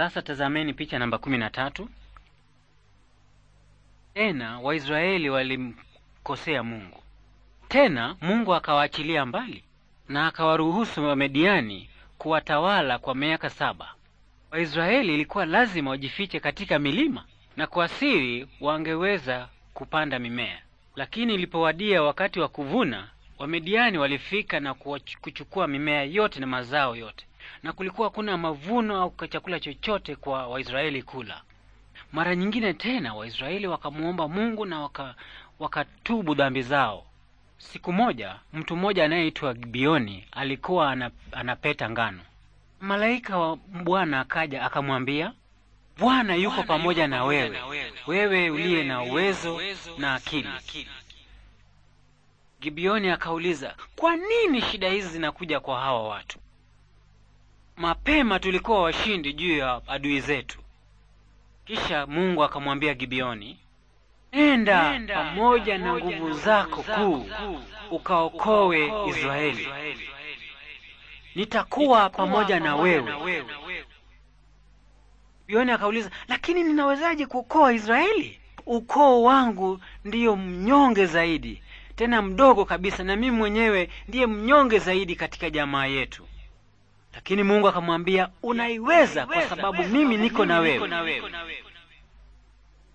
Sasa tazameni picha namba kumi na tatu. Tena Waisraeli walimkosea Mungu. Tena Mungu akawaachilia mbali na akawaruhusu wamediani kuwatawala kwa miaka saba. Waisraeli ilikuwa lazima wajifiche katika milima na kwa siri wangeweza kupanda mimea, lakini ilipowadia wakati wa kuvuna, wamediani walifika na kuchukua mimea yote na mazao yote na kulikuwa hakuna mavuno au chakula chochote kwa Waisraeli kula. Mara nyingine tena Waisraeli wakamwomba Mungu na waka, wakatubu dhambi zao. Siku moja mtu mmoja anayeitwa Gibioni alikuwa anapeta ngano. Malaika wa Bwana akaja akamwambia, Bwana yuko Bwana pamoja yuko na, wewe. na wewe wewe uliye na uwezo, na na akili. Gibioni akauliza, kwa nini shida hizi zinakuja kwa hawa watu? mapema tulikuwa washindi juu ya adui zetu. Kisha Mungu akamwambia gibioni nenda pamoja na nguvu zako kuu ukaokowe Israeli, nitakuwa pamoja na wewe. gibioni akauliza, lakini ninawezaje kuokoa Israeli? Ukoo wangu ndiyo mnyonge zaidi, tena mdogo kabisa, na mimi mwenyewe ndiye mnyonge zaidi katika jamaa yetu. Lakini Mungu akamwambia unaiweza, kwa sababu mimi niko na wewe.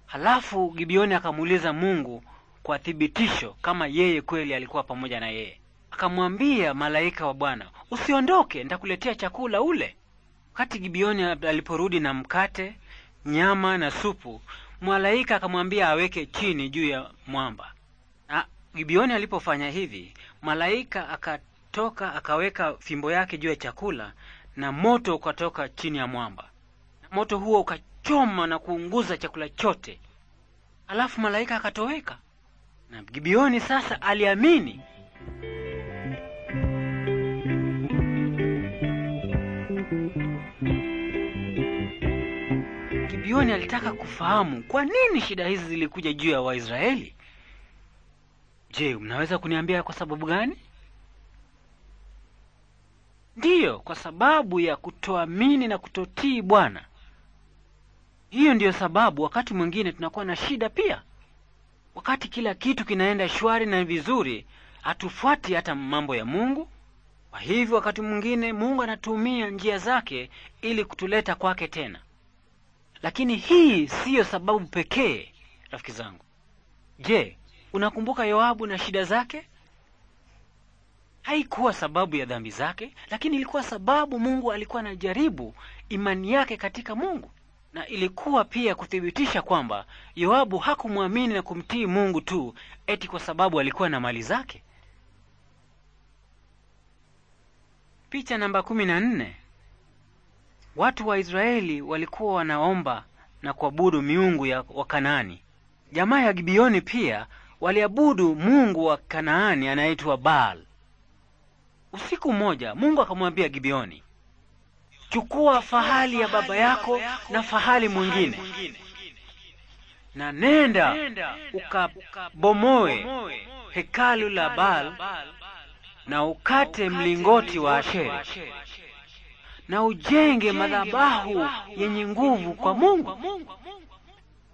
Halafu gibioni akamuuliza Mungu kwa thibitisho kama yeye kweli alikuwa pamoja na yeye. Akamwambia malaika wa Bwana, usiondoke, nitakuletea chakula ule. Wakati gibioni aliporudi na mkate, nyama na supu, malaika akamwambia aweke chini juu ya mwamba, na gibioni alipofanya hivi, malaika Akatoka akaweka fimbo yake juu ya chakula, na moto ukatoka chini ya mwamba. Moto huo ukachoma na kuunguza chakula chote, alafu malaika akatoweka, na Gibeoni sasa aliamini. Gibeoni alitaka kufahamu kwa nini shida hizi zilikuja juu ya Waisraeli. Je, mnaweza kuniambia kwa sababu gani? Ndiyo, kwa sababu ya kutoamini na kutotii Bwana. Hiyo ndiyo sababu wakati mwingine tunakuwa na shida pia. Wakati kila kitu kinaenda shwari na vizuri, hatufuati hata mambo ya Mungu. Kwa hivyo, wakati mwingine Mungu anatumia njia zake ili kutuleta kwake tena, lakini hii siyo sababu pekee, rafiki zangu. Je, unakumbuka Yoabu na shida zake? haikuwa sababu ya dhambi zake, lakini ilikuwa sababu Mungu alikuwa anajaribu imani yake katika Mungu, na ilikuwa pia kuthibitisha kwamba Yoabu hakumwamini na kumtii Mungu tu eti kwa sababu alikuwa na mali zake. Picha namba kumi na nne. Watu wa Israeli walikuwa wanaomba na kuabudu miungu ya Wakanaani. Jamaa ya Gibioni pia waliabudu mungu wa Kanaani anaitwa Baal. Usiku mmoja Mungu akamwambia gibeoni chukua fahali ya baba yako na fahali mwingine na nenda ukabomoe hekalu la Baal na ukate mlingoti wa Asheri na ujenge madhabahu yenye nguvu kwa Mungu.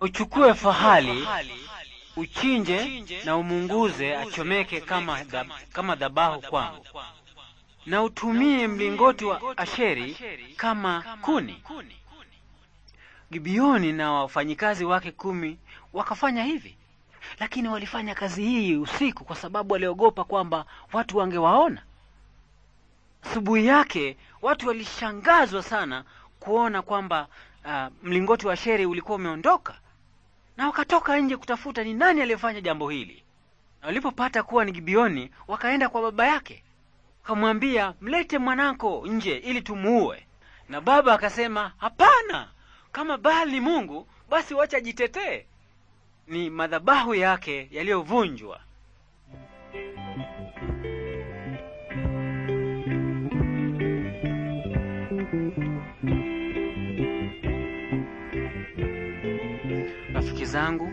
Uchukue fahali uchinje na umunguze, achomeke kama dhabahu kwangu na utumie mlingoti wa Asheri kama kuni. gibioni na wafanyikazi wake kumi wakafanya hivi, lakini walifanya kazi hii usiku kwa sababu waliogopa kwamba watu wangewaona. Asubuhi yake watu walishangazwa sana kuona kwamba uh, mlingoti wa Asheri ulikuwa umeondoka, na wakatoka nje kutafuta ni nani aliyefanya jambo hili, na walipopata kuwa ni gibioni wakaenda kwa baba yake akamwambia mlete mwanako nje ili tumuue. Na baba akasema hapana, kama Baal ni mungu basi wacha jitetee. Ni madhabahu yake yaliyovunjwa. Rafiki zangu,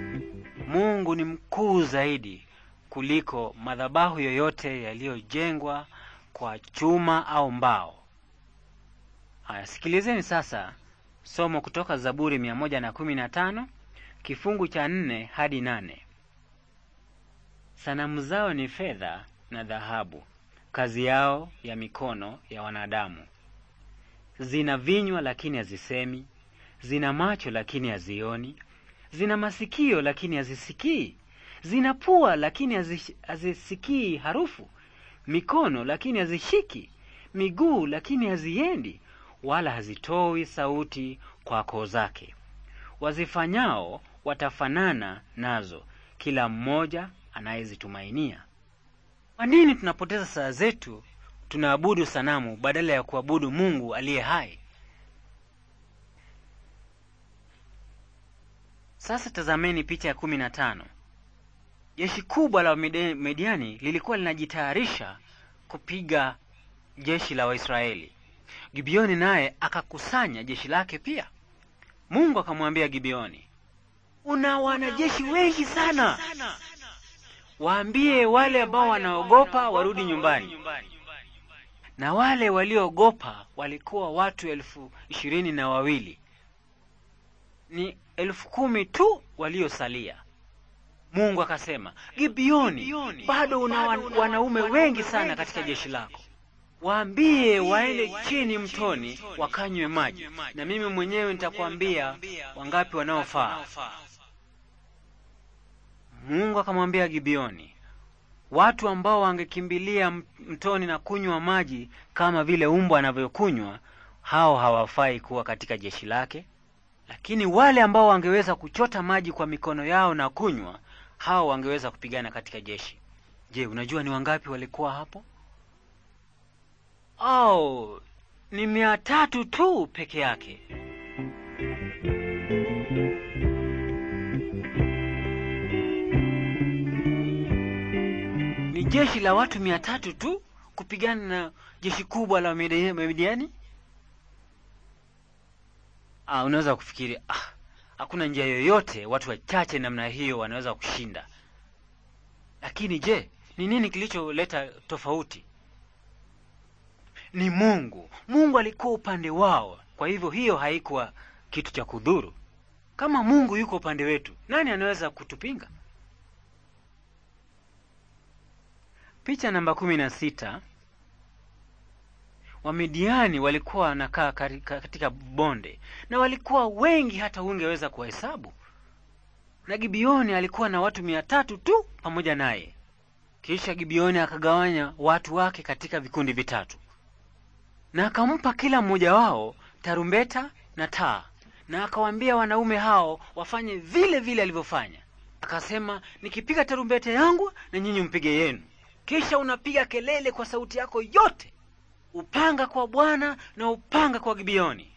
Mungu ni mkuu zaidi kuliko madhabahu yoyote yaliyojengwa kwa chuma au mbao. Haya, sikilizeni sasa somo kutoka Zaburi 115 kifungu cha nne hadi nane. Sanamu zao ni fedha na dhahabu, kazi yao ya mikono ya wanadamu. Zina vinywa lakini hazisemi, zina macho lakini hazioni, zina masikio lakini hazisikii, zina pua lakini hazisikii harufu, mikono lakini hazishiki, miguu lakini haziendi, wala hazitoi sauti kwa koo zake. Wazifanyao watafanana nazo, kila mmoja anayezitumainia. Kwa nini tunapoteza saa zetu tunaabudu sanamu badala ya kuabudu Mungu aliye hai? Sasa tazameni picha ya kumi na tano. Jeshi kubwa la Midiani lilikuwa linajitayarisha kupiga jeshi la Waisraeli. Gibeoni naye akakusanya jeshi lake pia. Mungu akamwambia Gibeoni, una wanajeshi wengi sana, waambie wale ambao wanaogopa warudi nyumbani. Na wale waliogopa walikuwa watu elfu ishirini na wawili. Ni elfu kumi tu waliosalia. Mungu akasema, gibioni bado una wanaume wengi sana katika jeshi lako. Waambie waende chini mtoni wakanywe maji, na mimi mwenyewe nitakwambia wangapi wanaofaa. Mungu akamwambia gibioni watu ambao wangekimbilia mtoni na kunywa maji kama vile umbwa anavyokunywa, hao hawafai kuwa katika jeshi lake, lakini wale ambao wangeweza kuchota maji kwa mikono yao na kunywa, hao wangeweza kupigana katika jeshi. Je, unajua ni wangapi walikuwa hapo? Oh, ni mia tatu tu peke yake. Ni jeshi la watu mia tatu tu kupigana na jeshi kubwa la Midiani? Ah, unaweza kufikiri ah hakuna njia yoyote watu wachache namna hiyo wanaweza kushinda. Lakini je, ni nini kilicholeta tofauti? Ni Mungu. Mungu alikuwa upande wao, kwa hivyo hiyo haikuwa kitu cha kudhuru. Kama Mungu yuko upande wetu, nani anaweza kutupinga? Picha namba kumi na sita. Wamidiani walikuwa wanakaa katika bonde na walikuwa wengi hata ungeweza kuwahesabu, na gibioni alikuwa na watu mia tatu tu pamoja naye. Kisha gibioni akagawanya watu wake katika vikundi vitatu, na akampa kila mmoja wao tarumbeta na taa, na akawaambia wanaume hao wafanye vile vile alivyofanya. Akasema, nikipiga tarumbeta yangu na nyinyi mpige yenu, kisha unapiga kelele kwa sauti yako yote upanga kwa Bwana na upanga kwa Gibeoni,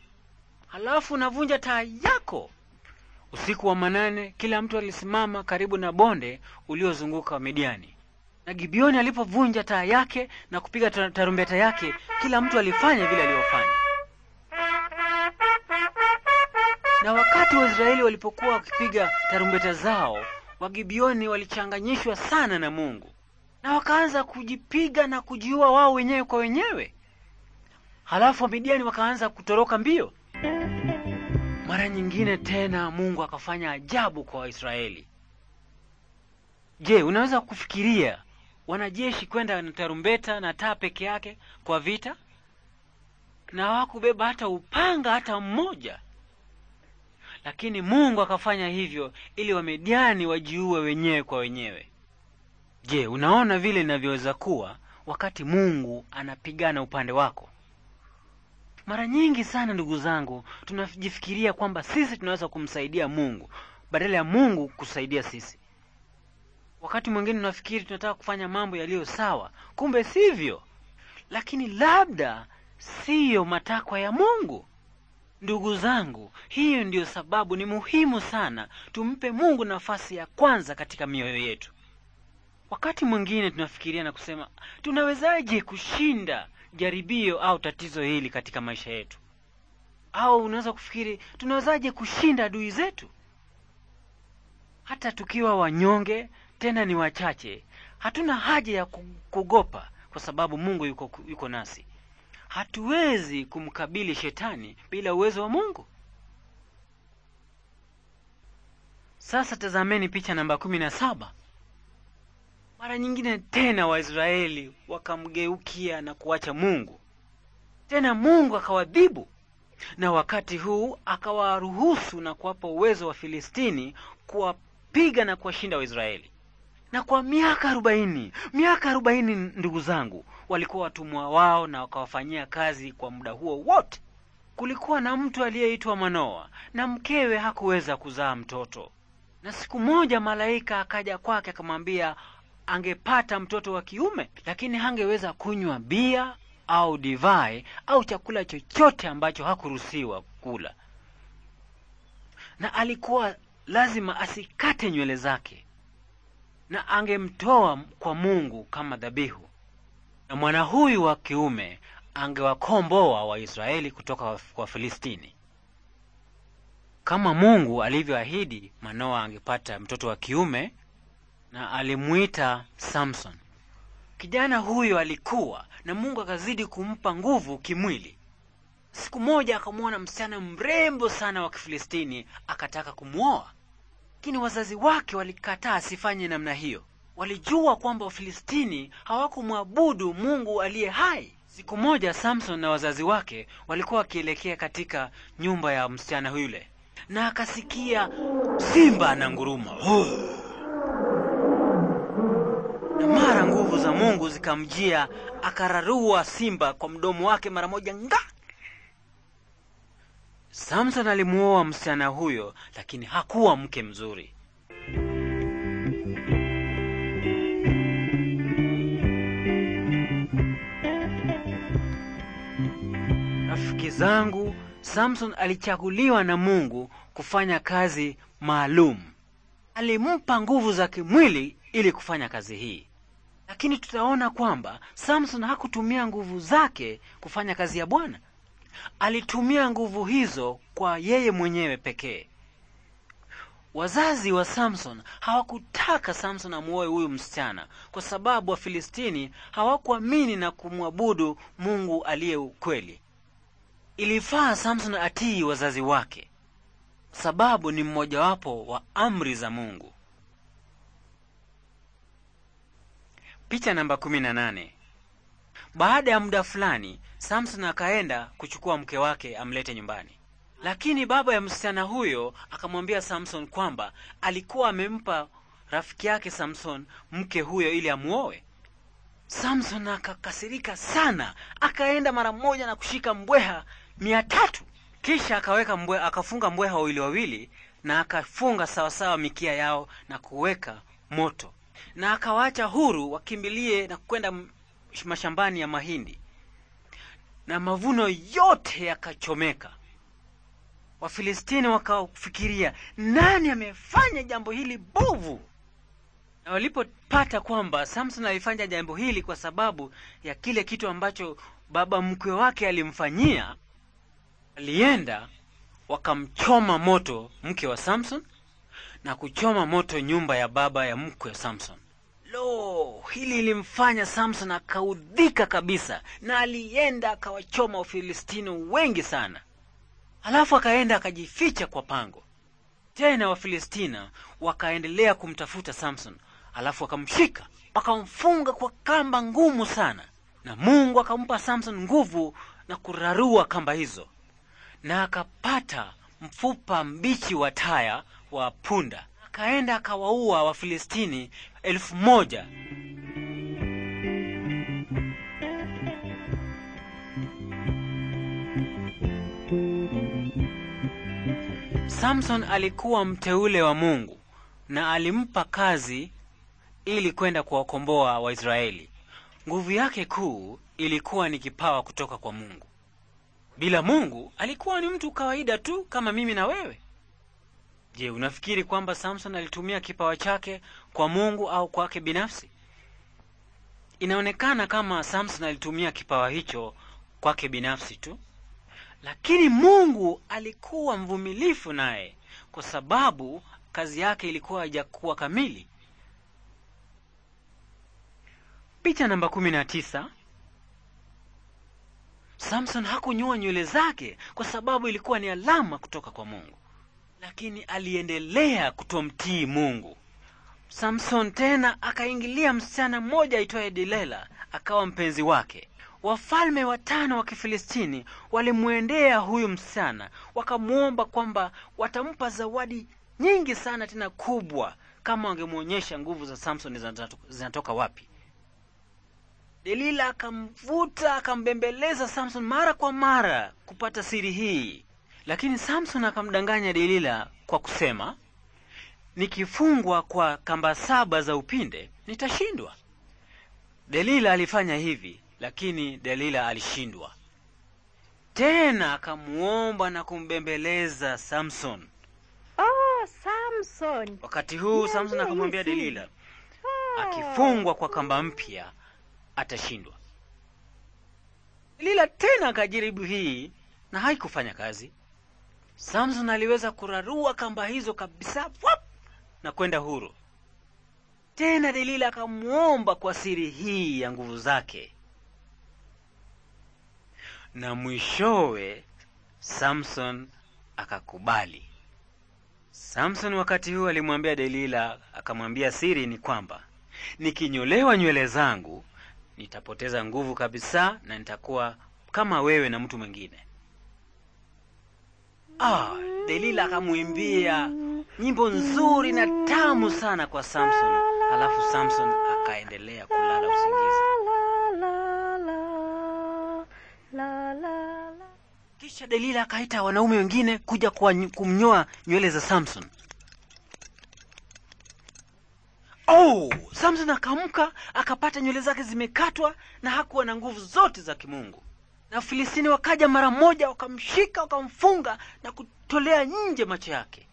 halafu unavunja taa yako. Usiku wa manane, kila mtu alisimama karibu na bonde uliozunguka Midiani, na Gibeoni alipovunja taa yake na kupiga tarumbeta yake, kila mtu alifanya vile aliyofanya Na wakati Waisraeli walipokuwa wakipiga tarumbeta zao, Wagibioni walichanganyishwa sana na Mungu na wakaanza kujipiga na kujiua wao wenyewe kwa wenyewe halafu Wamidiani wakaanza kutoroka mbio. Mara nyingine tena Mungu akafanya ajabu kwa Waisraeli. Je, unaweza kufikiria wanajeshi kwenda na tarumbeta na taa peke yake kwa vita na hawakubeba hata upanga hata mmoja? Lakini Mungu akafanya hivyo ili Wamidiani wajiue wenyewe kwa wenyewe. Je, unaona vile inavyoweza kuwa wakati Mungu anapigana upande wako? Mara nyingi sana ndugu zangu, tunajifikiria kwamba sisi tunaweza kumsaidia Mungu badala ya Mungu kusaidia sisi. Wakati mwingine tunafikiri tunataka kufanya mambo yaliyo sawa, kumbe sivyo, lakini labda siyo matakwa ya Mungu. Ndugu zangu, hiyo ndiyo sababu ni muhimu sana tumpe Mungu nafasi ya kwanza katika mioyo yetu. Wakati mwingine tunafikiria na kusema tunawezaje kushinda jaribio au tatizo hili katika maisha yetu, au unaweza kufikiri tunawezaje kushinda adui zetu hata tukiwa wanyonge, tena ni wachache. Hatuna haja ya kugopa kwa sababu Mungu yuko, yuko nasi. Hatuwezi kumkabili shetani bila uwezo wa Mungu. Sasa tazameni picha namba kumi na saba. Mara nyingine tena Waisraeli wakamgeukia na kuacha Mungu. Tena Mungu akawadhibu, na wakati huu akawaruhusu na kuwapa uwezo wa Filistini kuwapiga na kuwashinda Waisraeli. Na kwa miaka arobaini, miaka arobaini ndugu zangu, walikuwa watumwa wao na wakawafanyia kazi kwa muda huo wote. Kulikuwa na mtu aliyeitwa Manoa na mkewe hakuweza kuzaa mtoto, na siku moja malaika akaja kwake akamwambia angepata mtoto wa kiume, lakini hangeweza kunywa bia au divai au chakula chochote ambacho hakuruhusiwa kula, na alikuwa lazima asikate nywele zake, na angemtoa kwa Mungu kama dhabihu, na mwana huyu wa kiume angewakomboa Waisraeli kutoka kwa Filistini kama Mungu alivyoahidi. Manoa angepata mtoto wa kiume na alimuita Samson. Kijana huyo alikuwa na Mungu akazidi kumpa nguvu kimwili. Siku moja akamwona msichana mrembo sana wa Kifilistini akataka kumwoa, lakini wazazi wake walikataa asifanye namna hiyo. Walijua kwamba Wafilistini hawakumwabudu Mungu aliye hai. Siku moja Samson na wazazi wake walikuwa wakielekea katika nyumba ya msichana yule, na akasikia simba na nguruma oh na mara nguvu za Mungu zikamjia, akararua simba kwa mdomo wake mara moja nga. Samson alimuoa msichana huyo, lakini hakuwa mke mzuri. Rafiki zangu, Samson alichaguliwa na Mungu kufanya kazi maalum. Alimpa nguvu za kimwili ili kufanya kazi hii. Lakini tutaona kwamba Samson hakutumia nguvu zake kufanya kazi ya Bwana, alitumia nguvu hizo kwa yeye mwenyewe pekee. Wazazi wa Samson hawakutaka Samson amuoe huyu msichana kwa sababu Wafilistini hawakuamini na kumwabudu Mungu aliye ukweli. Ilifaa Samson atii wazazi wake, sababu ni mmojawapo wa amri za Mungu. Picha namba nane. Baada ya muda fulani, Samson akaenda kuchukua mke wake amlete nyumbani, lakini baba ya msichana huyo akamwambia Samson kwamba alikuwa amempa rafiki yake Samson mke huyo ili amuoe. Samson akakasirika sana, akaenda mara moja na kushika mbweha mia tatu kisha akaweka mbweha, akafunga mbweha wawili wawili na akafunga sawasawa mikia yao na kuweka moto na akawaacha huru wakimbilie na kwenda mashambani ya mahindi na mavuno yote yakachomeka. Wafilistini wakafikiria nani amefanya jambo hili bovu, na walipopata kwamba Samson alifanya jambo hili kwa sababu ya kile kitu ambacho baba mkwe wake alimfanyia, alienda wakamchoma moto mke wa Samson na kuchoma moto nyumba ya baba ya mkwe Samson. Lo, hili ilimfanya Samson akaudhika kabisa, na alienda akawachoma Wafilistino wengi sana, alafu akaenda akajificha kwa pango. Tena Wafilistina wakaendelea kumtafuta Samson, alafu wakamshika wakamfunga kwa kamba ngumu sana, na Mungu akampa Samson nguvu na kurarua kamba hizo, na akapata mfupa mbichi wa taya wa punda, akaenda akawaua Wafilistini elfu moja. Samson alikuwa mteule wa Mungu na alimpa kazi ili kwenda kuwakomboa Waisraeli. Nguvu yake kuu ilikuwa ni kipawa kutoka kwa Mungu. Bila Mungu alikuwa ni mtu kawaida tu kama mimi na wewe. Je, unafikiri kwamba Samson alitumia kipawa chake kwa Mungu au kwake binafsi? Inaonekana kama Samson alitumia kipawa hicho kwake binafsi tu, lakini Mungu alikuwa mvumilifu naye kwa sababu kazi yake ilikuwa haijakuwa kamili. Picha namba kumi na tisa. Samson hakunyoa nywele zake kwa sababu ilikuwa ni alama kutoka kwa Mungu lakini aliendelea kutomtii Mungu. Samson tena akaingilia msichana mmoja aitwaye delela akawa mpenzi wake. Wafalme watano wa Kifilistini walimwendea huyu msichana, wakamwomba kwamba watampa zawadi nyingi sana tena kubwa kama wangemwonyesha nguvu za Samson zinatoka wapi. Delila akamvuta akambembeleza Samson mara kwa mara kupata siri hii. Lakini Samson akamdanganya Delila kwa kusema, nikifungwa kwa kamba saba za upinde nitashindwa. Delila alifanya hivi, lakini Delila alishindwa tena. Akamuomba na kumbembeleza Samson. Oh, Samson! Wakati huu Samson akamwambia Delila, oh. akifungwa kwa kamba mpya atashindwa. Delila tena akajaribu hii na haikufanya kazi. Samson aliweza kurarua kamba hizo kabisa wap, na kwenda huru. Tena Delila akamwomba kwa siri hii ya nguvu zake, na mwishowe Samson akakubali. Samson wakati huu alimwambia Delila, akamwambia siri ni kwamba nikinyolewa nywele zangu nitapoteza nguvu kabisa na nitakuwa kama wewe na mtu mwingine. Ah, Delila akamwimbia nyimbo nzuri na tamu sana kwa Samson. Halafu Samson akaendelea kulala usingizi. Kisha Delila akaita wanaume wengine kuja kwa kumnyoa nywele za Samson. Oh, Samson akamka akapata nywele zake zimekatwa na hakuwa na nguvu zote za kimungu na Wafilistini wakaja mara moja, wakamshika wakamfunga na kutolea nje macho yake,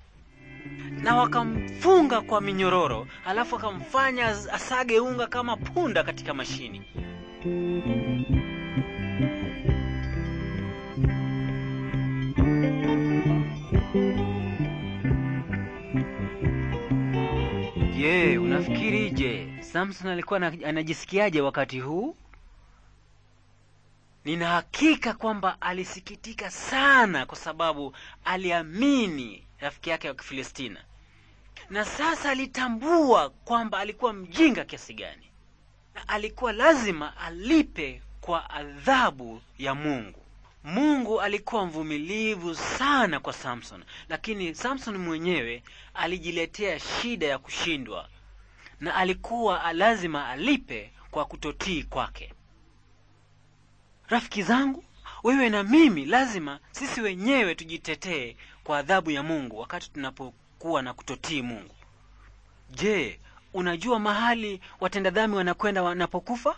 na wakamfunga kwa minyororo, alafu wakamfanya asage unga kama punda katika mashini. Je, je Samson alikuwa anajisikiaje wakati huu? Nina hakika kwamba alisikitika sana kwa sababu aliamini rafiki yake wa kifilistina na sasa alitambua kwamba alikuwa mjinga kiasi gani, na alikuwa lazima alipe kwa adhabu ya Mungu. Mungu alikuwa mvumilivu sana kwa Samson, lakini Samson mwenyewe alijiletea shida ya kushindwa, na alikuwa lazima alipe kwa kutotii kwake. Rafiki zangu, wewe na mimi lazima sisi wenyewe tujitetee kwa adhabu ya Mungu wakati tunapokuwa na kutotii Mungu. Je, unajua mahali watenda dhambi wanakwenda wanapokufa?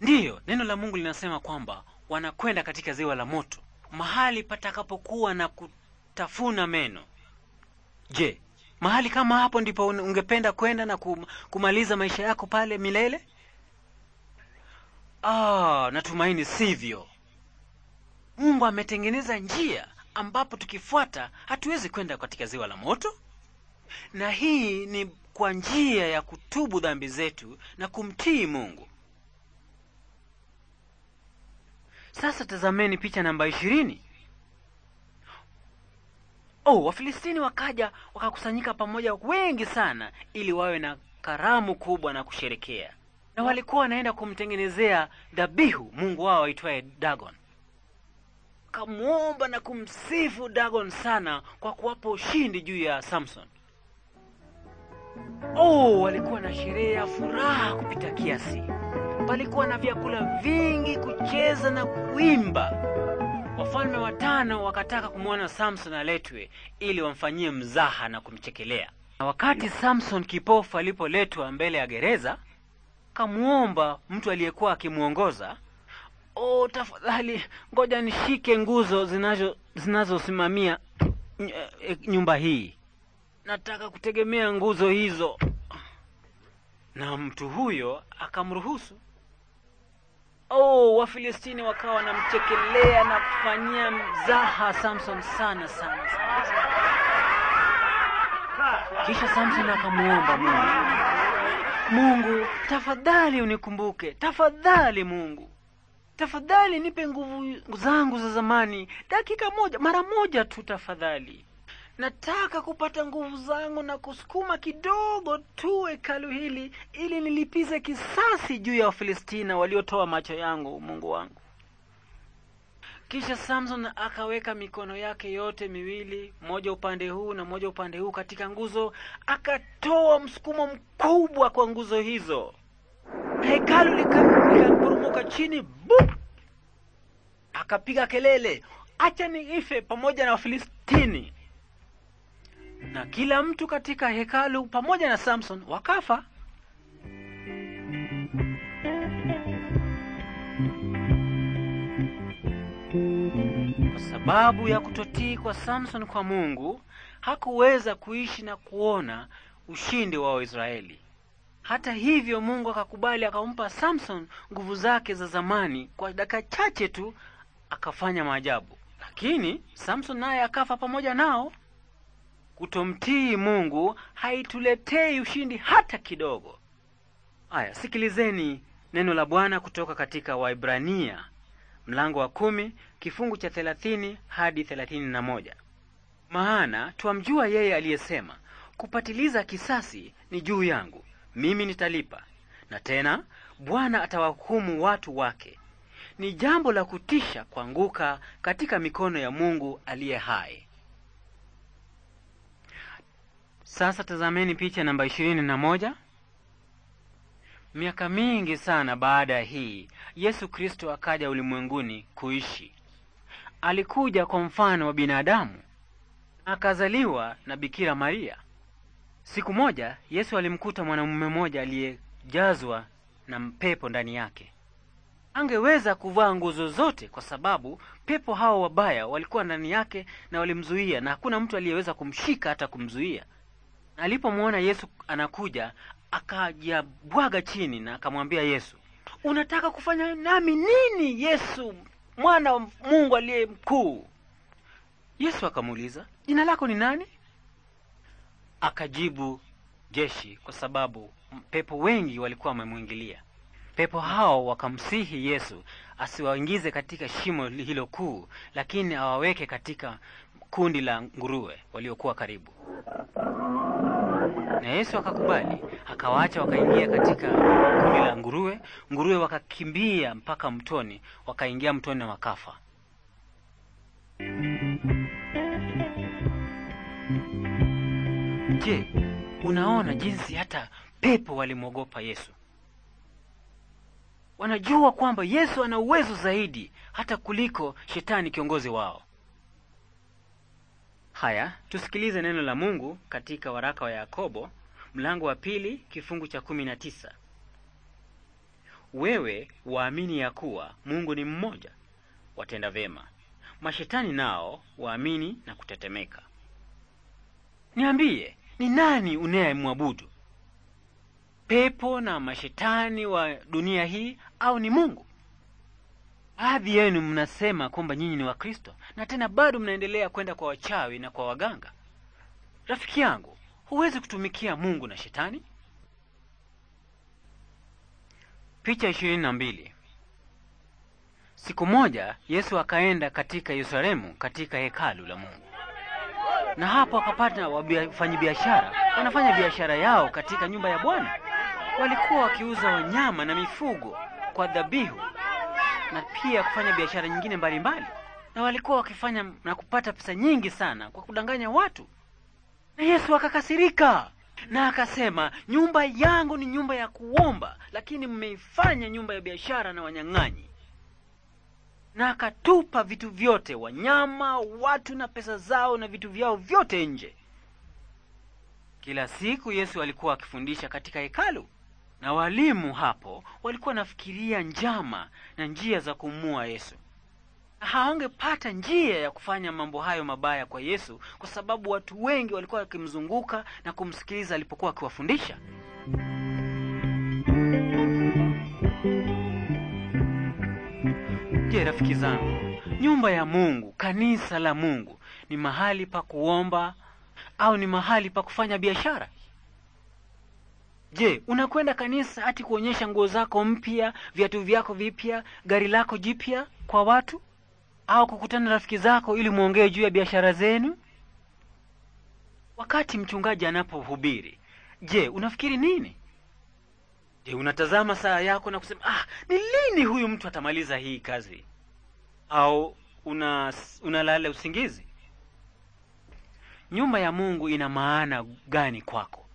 Ndiyo, neno la Mungu linasema kwamba wanakwenda katika ziwa la moto, mahali patakapokuwa na kutafuna meno. Je, mahali kama hapo ndipo ungependa kwenda na kumaliza maisha yako pale milele? Ah, natumaini sivyo. Mungu ametengeneza njia ambapo tukifuata hatuwezi kwenda katika ziwa la moto, na hii ni kwa njia ya kutubu dhambi zetu na kumtii Mungu. Sasa tazameni picha namba ishirini. Oh, Wafilistini wakaja wakakusanyika pamoja wengi sana ili wawe na karamu kubwa na kusherekea na walikuwa wanaenda kumtengenezea dhabihu mungu wao aitwaye Dagon. kamwomba na kumsifu Dagon sana kwa kuwapa ushindi juu ya Samson. Oh, walikuwa na sherehe ya furaha kupita kiasi. Palikuwa na vyakula vingi, kucheza na kuimba. Wafalme watano wakataka kumwona Samson aletwe ili wamfanyie mzaha na kumchekelea. Na wakati Samson kipofu alipoletwa mbele ya gereza, kamwomba mtu aliyekuwa akimwongoza oh, tafadhali ngoja nishike nguzo zinazosimamia zinazo eh, eh, nyumba hii, nataka kutegemea nguzo hizo, na mtu huyo akamruhusu. Oh, Wafilistini wakawa wanamchekelea na kufanyia mzaha Samson sana sana, sana. Kisha Samson akamwomba Mungu Mungu, tafadhali unikumbuke, tafadhali Mungu, tafadhali nipe nguvu zangu za zamani, dakika moja, mara moja tu, tafadhali nataka kupata nguvu zangu na kusukuma kidogo tu hekalu hili, ili nilipize kisasi juu ya wafilistina waliotoa macho yangu, Mungu wangu. Kisha Samson akaweka mikono yake yote miwili, moja upande huu na moja upande huu, katika nguzo, akatoa msukumo mkubwa kwa nguzo hizo, hekalu likaporomoka chini bu Akapiga kelele, acha ni ife pamoja na Wafilistini, na kila mtu katika hekalu pamoja na Samson wakafa. Babu ya kutotii kwa Samson kwa Mungu, hakuweza kuishi na kuona ushindi wa Waisraeli. Hata hivyo, Mungu akakubali akampa Samson nguvu zake za zamani, kwa dakika chache tu akafanya maajabu. Lakini Samson naye akafa pamoja nao. Kutomtii Mungu haituletei ushindi hata kidogo. Aya, sikilizeni neno la Bwana kutoka katika Waibrania mlango wa kumi kifungu cha thelathini hadi thelathini na moja. Maana twamjua yeye aliyesema, kupatiliza kisasi ni juu yangu, mimi nitalipa, na tena Bwana atawahukumu watu wake. Ni jambo la kutisha kuanguka katika mikono ya Mungu aliye hai. Sasa tazameni picha namba ishirini na moja. Miaka mingi sana baada ya hii, Yesu Kristo akaja ulimwenguni kuishi. Alikuja kwa mfano wa binadamu, akazaliwa na Bikira Maria. Siku moja Yesu alimkuta mwanamume mmoja aliyejazwa na mpepo ndani yake. Angeweza kuvaa nguzo zote kwa sababu pepo hao wabaya walikuwa ndani yake na walimzuia, na hakuna mtu aliyeweza kumshika hata kumzuia. Alipomwona Yesu anakuja, akajabwaga chini na akamwambia Yesu, unataka kufanya nami nini, Yesu mwana wa Mungu aliye mkuu? Yesu akamuuliza, jina lako ni nani? Akajibu jeshi, kwa sababu pepo wengi walikuwa wamemwingilia. Pepo hao wakamsihi Yesu asiwaingize katika shimo hilo kuu, lakini awaweke katika kundi la nguruwe waliokuwa karibu na Yesu akakubali, akawaacha wakaingia katika kundi la nguruwe. Nguruwe wakakimbia mpaka mtoni, wakaingia mtoni na wakafa. Je, unaona jinsi hata pepo walimwogopa Yesu? Wanajua kwamba Yesu ana uwezo zaidi hata kuliko shetani kiongozi wao. Haya, tusikilize neno la Mungu katika waraka wa Yakobo mlango wa pili kifungu cha kumi na tisa. Wewe waamini ya kuwa Mungu ni mmoja, watenda vyema. Mashetani nao waamini na kutetemeka. Niambie, ni nani unayemwabudu? Pepo na mashetani wa dunia hii au ni Mungu? baadhi yenu mnasema kwamba nyinyi ni Wakristo na tena bado mnaendelea kwenda kwa wachawi na kwa waganga. Rafiki yangu, huwezi kutumikia Mungu na Shetani. Picha ishirini na mbili. Siku moja Yesu akaenda katika Yerusalemu katika hekalu la Mungu, na hapo akapata wafanyabiashara wanafanya biashara yao katika nyumba ya Bwana. Walikuwa wakiuza wanyama na mifugo kwa dhabihu na pia kufanya biashara nyingine mbalimbali mbali. Na walikuwa wakifanya na kupata pesa nyingi sana kwa kudanganya watu, na Yesu akakasirika na akasema, nyumba yangu ni nyumba ya kuomba, lakini mmeifanya nyumba ya biashara na wanyang'anyi. Na akatupa vitu vyote, wanyama, watu na pesa zao na vitu vyao vyote nje. Kila siku Yesu alikuwa akifundisha katika hekalu na walimu hapo walikuwa nafikiria njama na njia za kumua Yesu. Hawangepata njia ya kufanya mambo hayo mabaya kwa Yesu, kwa sababu watu wengi walikuwa wakimzunguka na kumsikiliza alipokuwa akiwafundisha. Je, rafiki zangu, nyumba ya Mungu, kanisa la Mungu ni mahali pa kuomba au ni mahali pa kufanya biashara? Je, unakwenda kanisa ati kuonyesha nguo zako mpya, viatu vyako vipya, gari lako jipya kwa watu, au kukutana na rafiki zako ili mwongee juu ya biashara zenu? Wakati mchungaji anapohubiri, je, unafikiri nini? Je, unatazama saa yako na kusema ah, ni lini huyu mtu atamaliza hii kazi? Au una unalala usingizi? Nyumba ya Mungu ina maana gani kwako?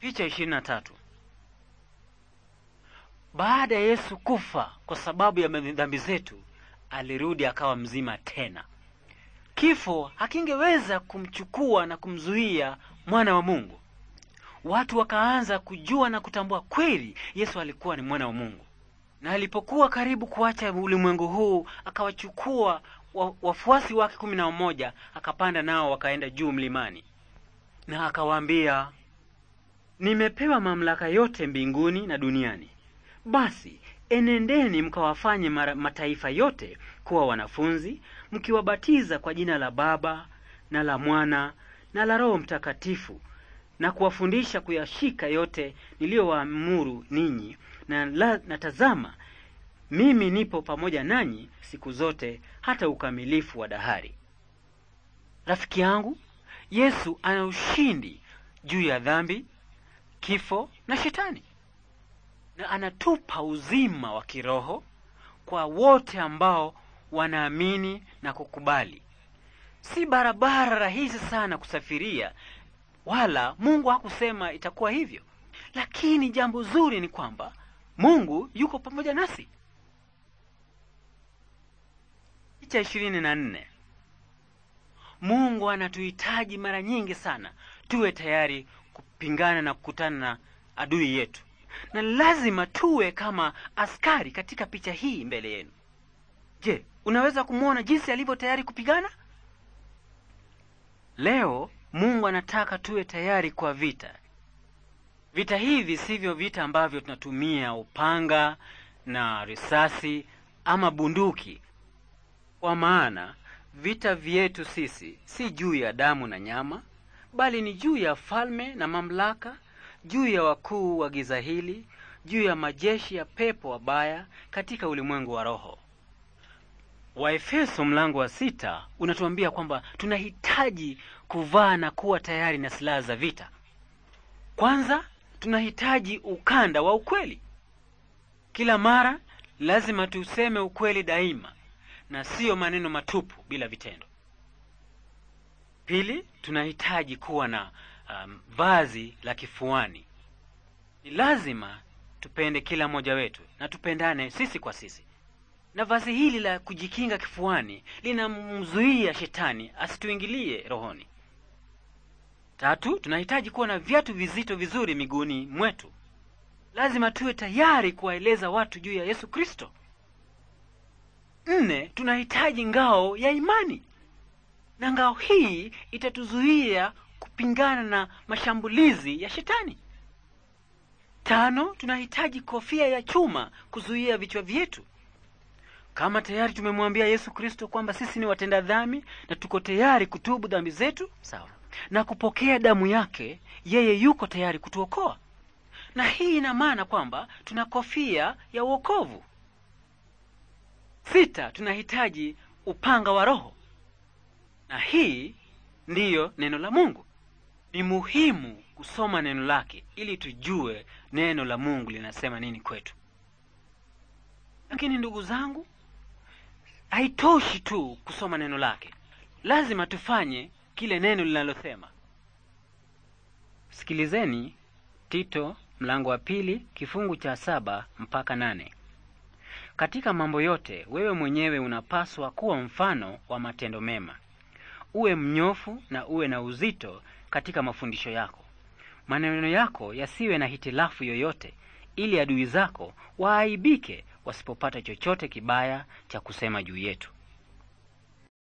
Picha ishirini na tatu. Baada ya Yesu kufa kwa sababu ya dhambi zetu, alirudi akawa mzima tena. Kifo hakingeweza kumchukua na kumzuia mwana wa Mungu. Watu wakaanza kujua na kutambua kweli Yesu alikuwa ni mwana wa Mungu, na alipokuwa karibu kuacha ulimwengu huu, akawachukua wafuasi wake kumi na mmoja, akapanda nao, wakaenda juu mlimani na akawaambia nimepewa mamlaka yote mbinguni na duniani. Basi enendeni mkawafanye mataifa yote kuwa wanafunzi, mkiwabatiza kwa jina la Baba na la Mwana na la Roho Mtakatifu, na kuwafundisha kuyashika yote niliyowaamuru ninyi, na, na tazama mimi nipo pamoja nanyi siku zote hata ukamilifu wa dahari. Rafiki yangu, Yesu ana ushindi juu ya dhambi, kifo na shetani, na anatupa uzima wa kiroho kwa wote ambao wanaamini na kukubali. Si barabara rahisi sana kusafiria, wala Mungu hakusema itakuwa hivyo, lakini jambo zuri ni kwamba Mungu yuko pamoja nasi. Picha ishirini na nne. Mungu anatuhitaji mara nyingi sana tuwe tayari kupingana na kukutana na adui yetu, na lazima tuwe kama askari katika picha hii mbele yenu. Je, unaweza kumwona jinsi alivyo tayari kupigana? Leo Mungu anataka tuwe tayari kwa vita. Vita hivi sivyo vita ambavyo tunatumia upanga na risasi ama bunduki, kwa maana vita vyetu sisi si juu ya damu na nyama bali ni juu ya falme na mamlaka, juu ya wakuu wa giza hili, juu ya majeshi ya pepo wabaya katika ulimwengu wa roho. Waefeso mlango wa sita unatuambia kwamba tunahitaji kuvaa na kuwa tayari na silaha za vita. Kwanza tunahitaji ukanda wa ukweli. Kila mara lazima tuseme ukweli daima, na siyo maneno matupu bila vitendo. Pili, tunahitaji kuwa na um, vazi la kifuani. Ni lazima tupende kila mmoja wetu na tupendane sisi kwa sisi, na vazi hili la kujikinga kifuani linamzuia shetani asituingilie rohoni. Tatu, tunahitaji kuwa na viatu vizito vizuri miguuni mwetu. Lazima tuwe tayari kuwaeleza watu juu ya Yesu Kristo. Nne, tunahitaji ngao ya imani na ngao hii itatuzuia kupingana na mashambulizi ya shetani. Tano, tunahitaji kofia ya chuma kuzuia vichwa vyetu. Kama tayari tumemwambia Yesu Kristo kwamba sisi ni watenda dhambi na tuko tayari kutubu dhambi zetu, sawa, na kupokea damu yake, yeye yuko tayari kutuokoa, na hii ina maana kwamba tuna kofia ya uokovu. Sita, tunahitaji upanga wa Roho na hii ndiyo neno la Mungu. Ni muhimu kusoma neno lake ili tujue neno la Mungu linasema nini kwetu. Lakini ndugu zangu, haitoshi tu kusoma neno lake, lazima tufanye kile neno linalosema. Sikilizeni Tito mlango wa pili kifungu cha saba mpaka nane. Katika mambo yote wewe mwenyewe unapaswa kuwa mfano wa matendo mema uwe mnyofu na uwe na uzito katika mafundisho yako. Maneno yako yasiwe na hitilafu yoyote, ili adui zako waaibike wasipopata chochote kibaya cha kusema juu yetu.